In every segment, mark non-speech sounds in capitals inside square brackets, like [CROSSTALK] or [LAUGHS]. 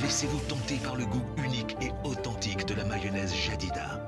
Laissez-vous tenter par le goût unique et authentique de la mayonnaise Jadida.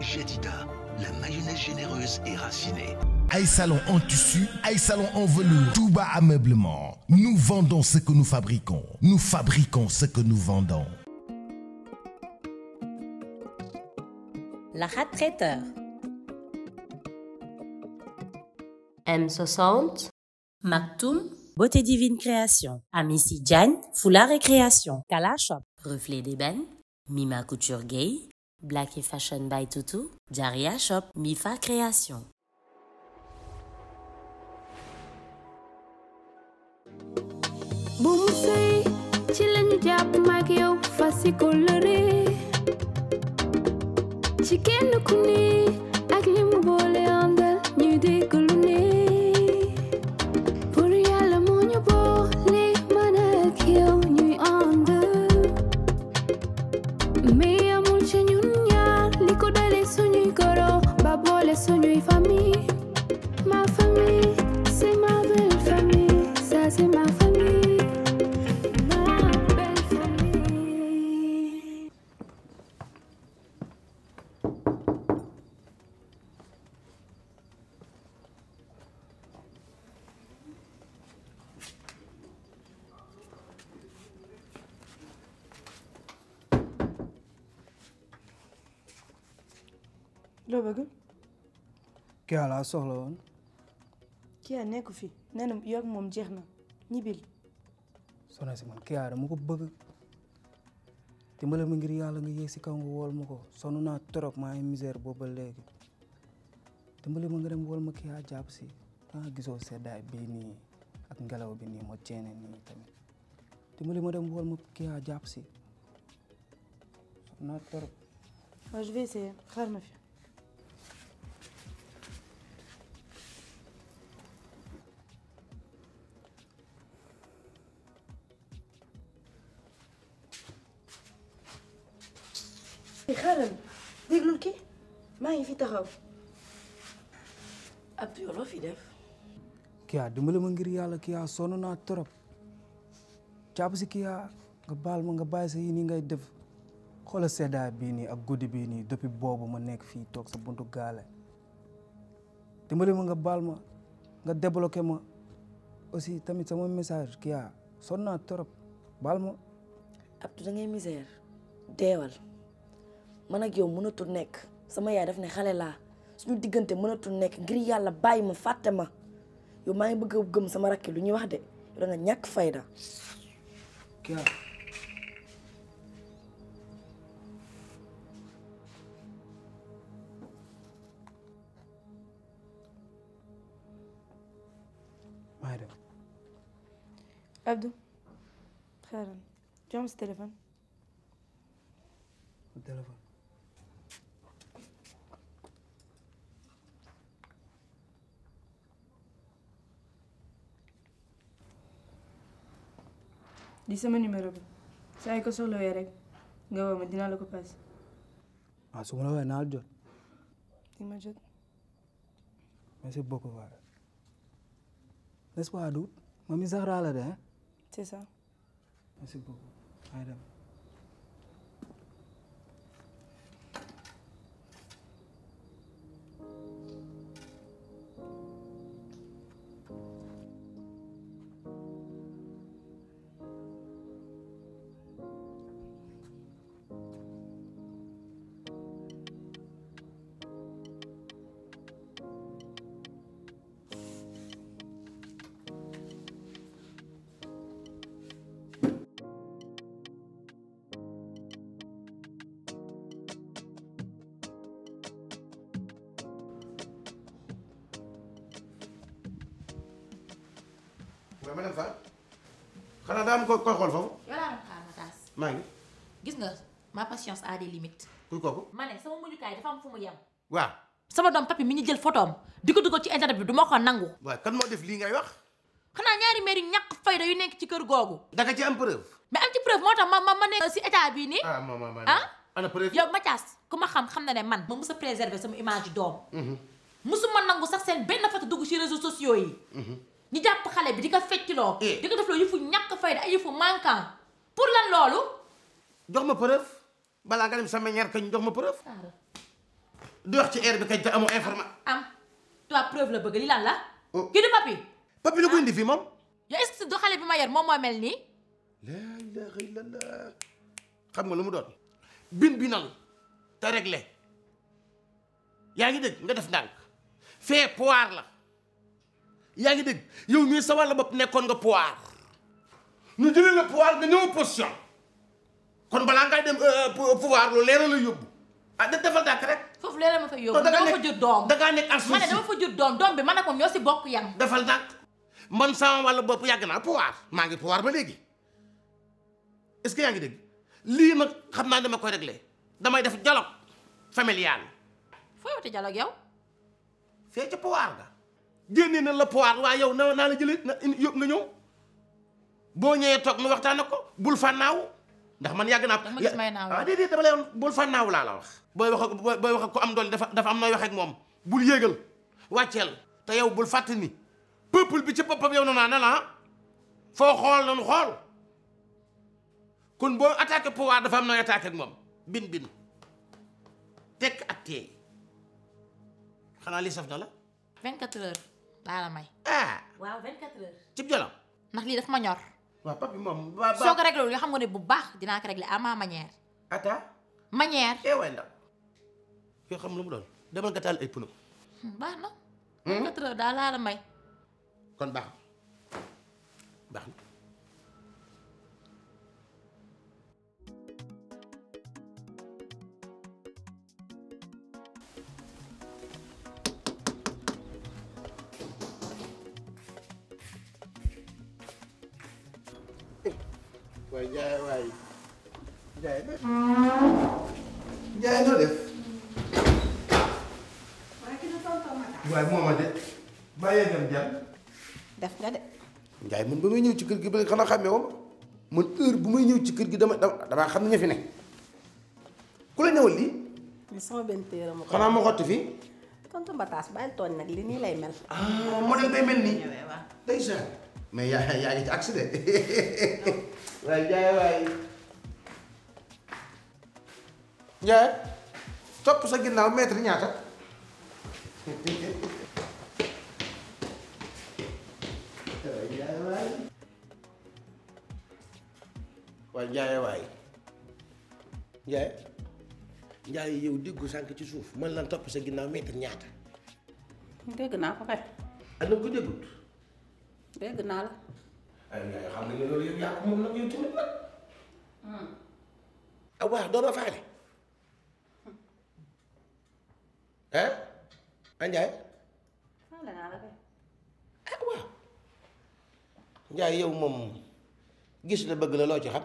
Jadida, la mayonnaise généreuse et racinée. Aïe Salon en tissu, Aïe Salon en velours, tout bas ameublement. Nous vendons ce que nous fabriquons. Nous fabriquons ce que nous vendons. La Traiteur. M60, Maktoum, Beauté Divine Création, Amici Jan, Foulard et Création, Kala Shop, Reflet d'Ébène, Mima Couture Gay, Black et Fashion by Tutu, Jaria Shop, Mifa Création. loo bëgg. Kya laa soxla woon. Kya nekku fi nee na yow jeex na ñibbil. soxna si man Kya mu ko bëgg dimbale ma ngir yàlla nga yéeg si kaw nga wool ko sonn naa trop maa ngi misère boobu ba léegi dimbale ma nga dem wool ma Kya jàpp si danga gisoo seddaay nii ak ngelaw bi nii ma ceene nii tamit dimbale ma dem wool ma Kya jàpp si sonn naa je vais essayer xaar fi. xaaral déglul kii maa ngi fi taxaw. Abdou loo fi def. Kya dimbali ma ngir yàlla Kya sonn naa trop càpp si Kya nga baal ma nga bàyyi sa yi nii ngay def xoola seddaay bii nii ak guddi bii nii depuis boobu ma nekk fii toog sa buntu gaale dimbali ma nga baal ma nga débloqué ma aussi tamit sama message Kya sonn naa trop baal ma. Abdou da ngay misère deewal. man ak yow mënatul nekk sama yaay daf ne xale laa suñu diggante mënatul nekk ngir yàlla bàyyi ma fàtte ma yow maa ngi bëgg a gëm sama rakki lu ñuy wax de yow da nga ñàkk fayda. Kya. maa ngi dem. Abdou. xaaral jox ma sa téléphone. téléphone. di sama numéro bi saa yi ko soxlawee rek nga woo ma dinaa la ko paase. a su ma la naa jot. di ma jot. merci beaucoup Vara n'est-ce pas Adou mami Zahra la de. c'est ça. ma dem Fall xanaa daa am ko koy xool foofu. yow laa doon xaar Matas. maa ngi. gis nga ma patience a des limites. kuy kooku. ma ne sama muñukaay dafa am fu mu yem. waaw. sama doom papi mi ñu jël photo am di ko dugal ci internet bi du ma ko nangu. waaw kan moo def lii ngay wax. xanaa ñaari maire yu fayda yu nekk ci kër googu. da nga ci am preuve. mais am ci preuve moo tax ma ma ma si état bii nii. ah ma ma ma ah. ana yow Mathias ku ma xam xam na ne man. ma mus a préserver sama image doom. Mhm. musuma nangu sax seen benn ñu japp xalé bi dika ko lo eh. dika def lo yifu ñak fay da yifu mankan pour lan lolu jox ma preuve bala nga dem sama ñer kañ jox ma preuve di wax ci air bi kañ te amu information am toi preuve la bëgg li lan la oh. ki du papi papi lu ko ah. indi fi mom ya est-ce do xalé bi ma yar mom mo melni la la la la xam nga lu mu doot bin binal te réglé yaa ngi dégg nga def ndànk fait poire la yang ini, dégg yow mii sa wàll bopp nekkoon nga pouvoir ñu la poar nga ñëw position kon balaa dem euh, pouvoir lu lele la yóbbu ah da defal dàkk rek. foofu leeral ma fa da dama fa jur dom da ngaa nekk en souci dama fa jur doom dom bi man ak moom ñoo si bokk yam defal dàkk man sama wàll bopp yàgg na poar ma ngi poar ba léegi est-ce que yaa li ma lii dama koy réglé damay def dialogue familial. fooy wote dialogue yow. fee ca poar ga. génne na la poire waaye yow na naa la jëlee na yóbbu nga ñëw boo ñëwee toog mu waxtaan na ko bul fànnaaw ndax man yàgg naa. dama gis may naaw ah bul fànnaaw laa la wax. booy wax ak booy wax ak ku am doole dafa dafa am nooy wax ak moom bul yéegal wàcceel te yow bul fàtte ni ci boppam yow na naa la ah. foo xool nañu xool kon boo attaqué pouvoir dafa am nooy attaqué ak moom bin bin tekk ak xanaa li saf na la. daa la may. ah waaw 24 cib jolam. ndax lii daf ma ñor. soo ko rek wul nga xam nga ne bu baax dinaa ko réglé à ma manière. ata. manière. eh way ndaw. yoo xam lu mu doon demal nga ay pneu. Hmm, baax na. Hmm? daal laa la may. kon baax na. Ya waay Ya def Ya noo def waaye mooma de bàyyee ngam jàmm def nga de njaay man ba may ñëw ci kër gi ba xanaa xàmmee wama man heure bu may ñëw ci kër gi dama dama xam ne ñu fi ne ku la ñëwal lii sama benn téere mu xanaa ma xotti fii tontu mbataas bàyyi tooñ nag li nii lay mel ah modèle bay mel nii day mais yaa yaa ci accident [LAUGHS] waaye jaay sa ginnaaw mètre ñaata jaay waay waaye jaay waay yow déggu sànk ci suuf mën lan topp sa ginnaaw mètre ñaata dégg naa ko kay. ana ko déggut dégg naa la nga xam ne loolu yëpp yàqu moom nag yow tamit nag. ah waaw doo ma faale. ah. ah Ndiaye. faale naa la kay. ah waaw. Ndiaye yow moom gis la bëgg la loo ci xam.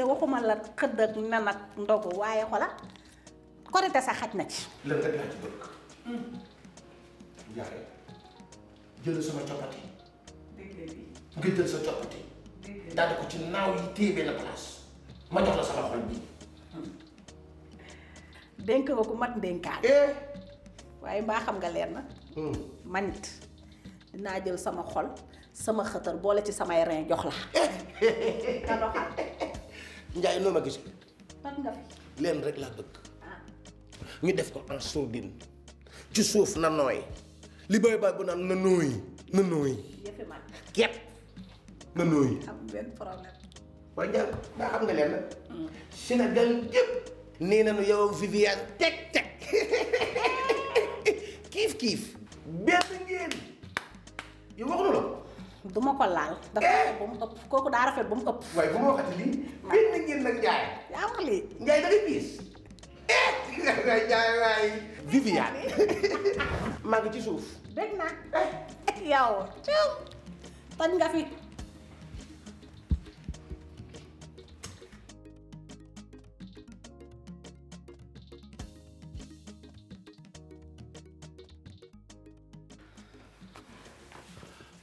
de waxuma la xëdd ak nen ak ndogu waaye xola korite sa xaj na ci. lan nga ci bëgg. jël sama coppati. nga jël sa coppati. daal ko ci naaw yi téye benn place. ma jox la sama xol bi. dénk nga ko mat ndénkaan. Eh? waaye mbaa xam nga leer na. Hmm. man dinaa jël sama xol sama xëtër boole ci samay rein jox la. [LAUGHS] Ndiaye noo ma gis. pat leen rek laa bëgg. Ah. ñu def ko en sourdine ci suuf na nooy li bay bay bu naan na nooy na nooy. yëpp man képp na nooy. am waaye Ndiaye daa xam nga leen la. Hmm. Sénégal yëpp nee nañu yow Viviane teg teg [LAUGHS] kiif kiif. benn ngeen yow waxuñu la. du ma laal. dafa eh! rafet ba mu ëpp kooku daa rafet ba mu ëpp. waaye bu ma waxati lii. gën na ngeen nag Ndiaye. yaa wax lii. Ndiaye da ngay piis. Eh! [LAUGHS] waaye Ndiaye [LAUGHS] ngi ci suuf. dégg naa. Eh! yow. tëj nga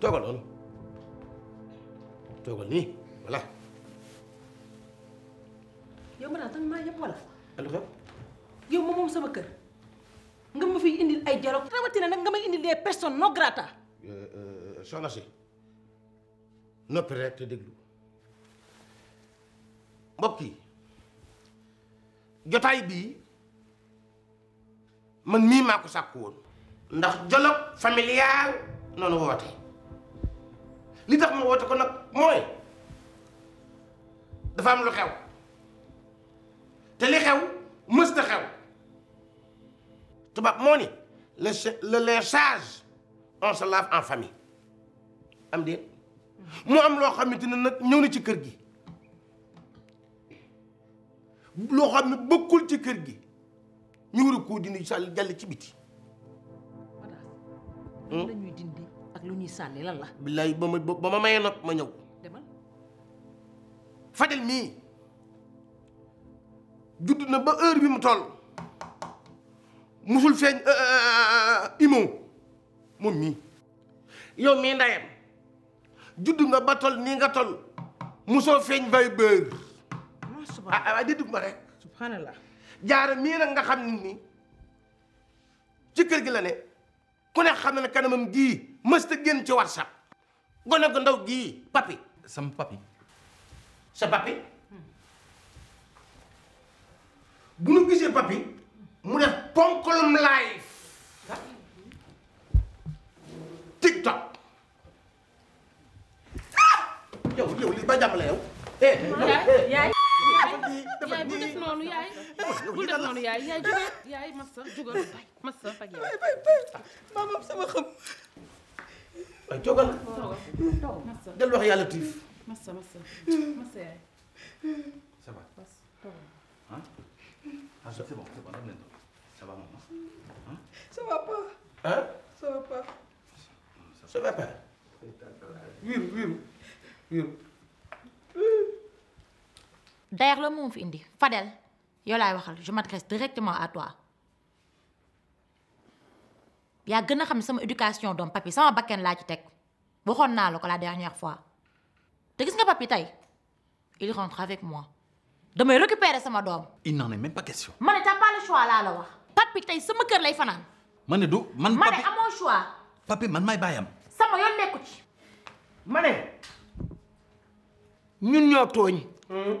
toogal noonu nii voilà. yow maanaam danga maa yëpp wala. allo. yow ma moom sama kër nga ma fiy indil ay dialogue rawatina nag nga may indil des personnes non grata. Euh, euh, noppi rek te déglu mbokk yi jotaay bii man mii maa ko sàkku woon. ndax dialogue familial noonu woote. li tax ma wote ko nak moy dafa am lu xew te li xew mës na xew tubaab moo ni le le les on se lave en famille am de mu am lo xamante nak nag na ci kër gi lo xam bokul ci kër gi ñu ko a koo dindi sàll jàll ci biti ak lu ñuy sànni lan la. billaay ba ma ba ma mayee nopp ma ñëw. demal Fadel mii judd na ba heure bi mu tol musul feeñ euh, euh, euh, imo moom mii. yow mii ndayam judd nga ba tol nii nga tol musoo feeñ ah, bay bër. ah ah dégg ma rek. subhanallah jaara mii nag nga xam ni ci kër gi la ne. ku ne xamna mesti kanamam gi mësta génn ci whatsapp ndaw gi papi Sam papi sa papi hmm. bu nu gisee papi mu def ponkolum live tiktok ah! yow yow li ba jàmmale yow eh yaay eh. di di lu def non yaay yaay bon va maman ça va hein ça va pas Fadel je m'adresse directement à toi Il y a une éducation papi sama m'a la dernière fois Tu gis papi il rentre avec moi vais récupérer sama il n'en est même pas question. Je ne pas le choix laa la wax. papi sama ma ne man papi je ne choix. papi man may sama ci. ñun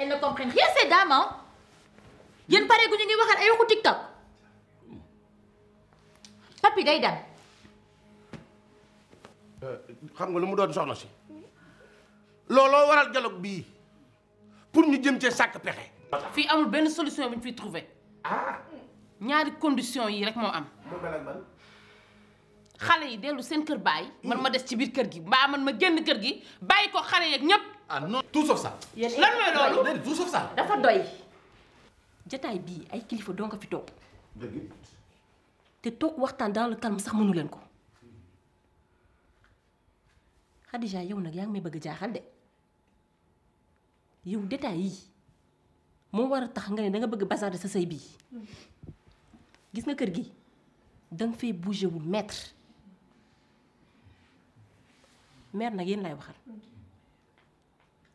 Elle ne comprennent rien ces dames ah yéen pare gu ñu ngi waxal ay waxu TikTok papi day dem. Euh, xam nga lu mu doon soxna si looloo waral dialogue bi. pour ñu jëm cee sàkk pexe. fii amul benn solution bu ñu fiy Ah. ñaari condition yi rek moo am. xale yi dellu seen kër baay. man ma hmm. des ci biir kër gi mbaa man ma génn kër gi bàyyi ko xale yeeg ah non tout sauf ça. yéen lan mooy loolu dafa doy jotaay bi, ay kilifa doo nga fi toog. te tok waxtaan dans le calme sax mënu leen ko. Khadija yow nag yaa ngi bëgg jaaxal de yow détails yi moo war a tax nga ne danga bëgg bazarder sa sëy bii gis nga kër gi danga mère lay waxal.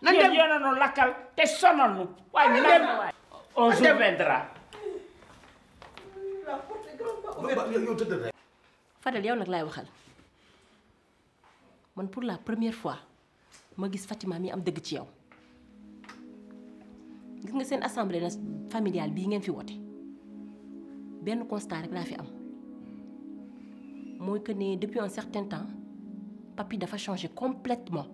nan dem yéen a nu lakkal te sonal nu waaye nan on se vendra Fadel yow nak lay waxal man pour la première fois ma gis Fatima mi am deug ci yow gis nga seen assemblée na familiale bi ngeen fi woté benn constat rek laa fi am moy que né depuis un certain temps papi dafa changer complètement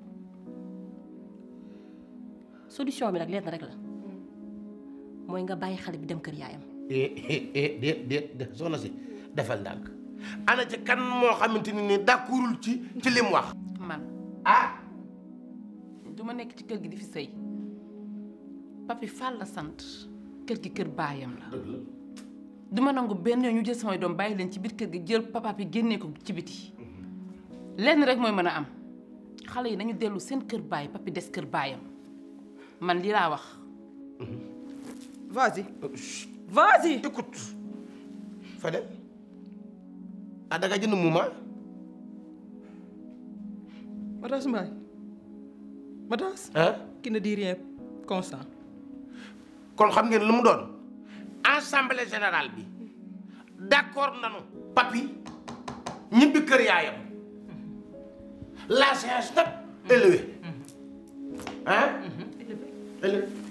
solution bi nag lén rek la moy nga bàyyi xale bi dem kër yaayam. de, eh, eh, eh, de. soxna ci defal ndànk ana ci kan mo xamante ni ne d'accordul ci ci lim wax. man ah. duma nek ci kër gi di fi sëy papi Fall la sant kër gi kër bayam la. du ma nangu ben ñu jël samay doom baye len ci biir kër gi jël papa bi génné ko ci biti mhm. lén rek moy mëna am xalé yi nañu déllu seen kër baye papi des kër bayam man li laa wax. vas-y. Euh, vas-y. écoute Fadel ah da nga jënd muuma. Matas Mbaye Matas. hein qui ne dit rien constant. kon xam ngeen lu mu doon assemblée générale bi d'accord nanu papi ñibbi kër yaayam la séance nag élevée hein Hello.